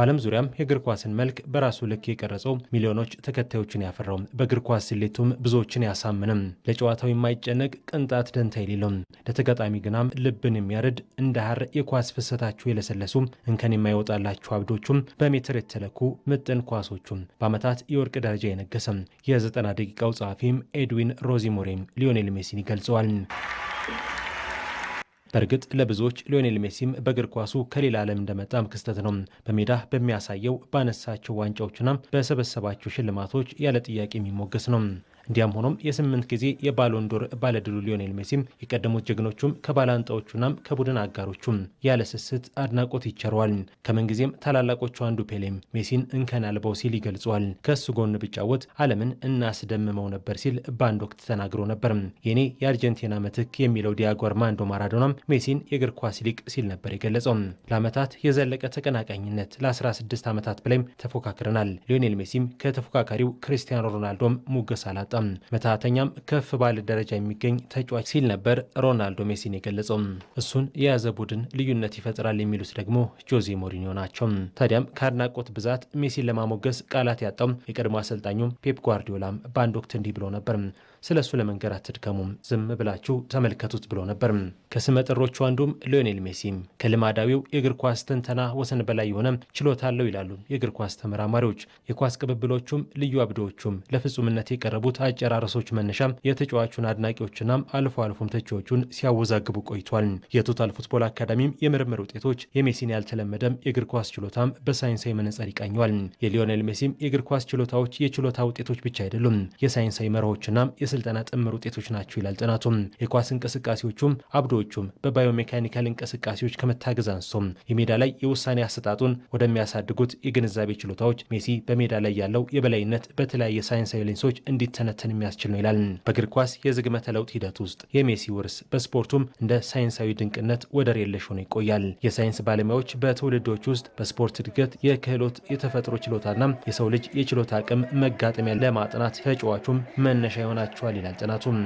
በዓለም ዙሪያም የእግር ኳስን መልክ በራሱ ልክ የቀረጸው ሚሊዮኖች ተከታዮችን ያፈራው በእግር ኳስ ስሌቱም ብዙዎችን ያሳምንም ለጨዋታው የማይጨነቅ ቅንጣት ደንታ የሌለው ለተጋጣሚ ግናም ልብን የሚያርድ እንደ ሐር የኳስ ፍሰታቸው የለሰለሱ እንከን የማይወጣላችሁ አብዶቹም በሜትር የተለኩ ምጥን ኳሶቹም በዓመታት የወርቅ ደረጃ የነገሰም የ ደቂቃው ጸሐፊም ኤድዊን ሮዚሞሬም ሊዮኔል ሜሲን ይገልጸዋል። በእርግጥ ለብዙዎች ሊዮኔል ሜሲም በእግር ኳሱ ከሌላ ዓለም እንደመጣም ክስተት ነው። በሜዳ በሚያሳየው ባነሳቸው ዋንጫዎችና በሰበሰባቸው ሽልማቶች ያለ ጥያቄ የሚሞገስ ነው። እንዲያም ሆኖም የስምንት ጊዜ የባሎንዶር ባለድሉ ሊዮኔል ሜሲም የቀደሙት ጀግኖቹም ከባላንጣዎቹናም ከቡድን አጋሮቹም ያለ ስስት አድናቆት ይቸረዋል። ከምንጊዜም ታላላቆቹ አንዱ ፔሌም ሜሲን እንከን አልበው ሲል ይገልጸዋል። ከእሱ ጎን ብጫወት ዓለምን እናስደምመው ነበር ሲል በአንድ ወቅት ተናግሮ ነበር። የኔ የአርጀንቲና ምትክ የሚለው ዲያጎ አርማንዶ ማራዶናም ሜሲን የእግር ኳስ ሊቅ ሲል ነበር የገለጸው። ለዓመታት የዘለቀ ተቀናቃኝነት ለ16 ዓመታት በላይም ተፎካክረናል። ሊዮኔል ሜሲም ከተፎካካሪው ክሪስቲያኖ ሮናልዶም ሙገስ አላጣ አልወጣም፣ መታተኛም ከፍ ባለ ደረጃ የሚገኝ ተጫዋች ሲል ነበር ሮናልዶ ሜሲን የገለጸው። እሱን የያዘ ቡድን ልዩነት ይፈጥራል የሚሉት ደግሞ ጆዜ ሞሪኒዮ ናቸው። ታዲያም ከአድናቆት ብዛት ሜሲን ለማሞገስ ቃላት ያጣው የቀድሞ አሰልጣኙም ፔፕ ጓርዲዮላም በአንድ ወቅት እንዲህ ብሎ ነበር። ስለ እሱ ለመንገር አትድከሙ፣ ዝም ብላችሁ ተመልከቱት ብሎ ነበር። ከስመጥሮቹ አንዱም ሊዮኔል ሜሲ ከልማዳዊው የእግር ኳስ ትንተና ወሰን በላይ የሆነ ችሎታ አለው ይላሉ የእግር ኳስ ተመራማሪዎች። የኳስ ቅብብሎቹም ልዩ አብዶዎቹም ለፍጹምነት የቀረቡት አጨራረሶች መነሻም የተጫዋቹን አድናቂዎችና አልፎ አልፎም ተቺዎቹን ሲያወዛግቡ ቆይቷል። የቶታል ፉትቦል አካዳሚም የምርምር ውጤቶች የሜሲን ያልተለመደም የእግር ኳስ ችሎታም በሳይንሳዊ መነጽር ይቃኘዋል። የሊዮኔል ሜሲም የእግር ኳስ ችሎታዎች የችሎታ ውጤቶች ብቻ አይደሉም፣ የሳይንሳዊ መርሆችና የስልጠና ጥምር ውጤቶች ናቸው ይላል ጥናቱም። የኳስ እንቅስቃሴዎቹም አብዶዎቹም በባዮሜካኒካል እንቅስቃሴዎች ከመታገዝ አንስቶ የሜዳ ላይ የውሳኔ አሰጣጡን ወደሚያሳድጉት የግንዛቤ ችሎታዎች ሜሲ በሜዳ ላይ ያለው የበላይነት በተለያየ ሳይንሳዊ ሌንሶች እንዲተነ ማለትን የሚያስችል ነው ይላል። በእግር ኳስ የዝግመተ ለውጥ ሂደት ውስጥ የሜሲ ውርስ በስፖርቱም እንደ ሳይንሳዊ ድንቅነት ወደር የለሽ ሆኖ ይቆያል። የሳይንስ ባለሙያዎች በትውልዶች ውስጥ በስፖርት እድገት የክህሎት የተፈጥሮ ችሎታና የሰው ልጅ የችሎታ አቅም መጋጠሚያ ለማጥናት ተጫዋቹም መነሻ ይሆናቸዋል ይላል ጥናቱም።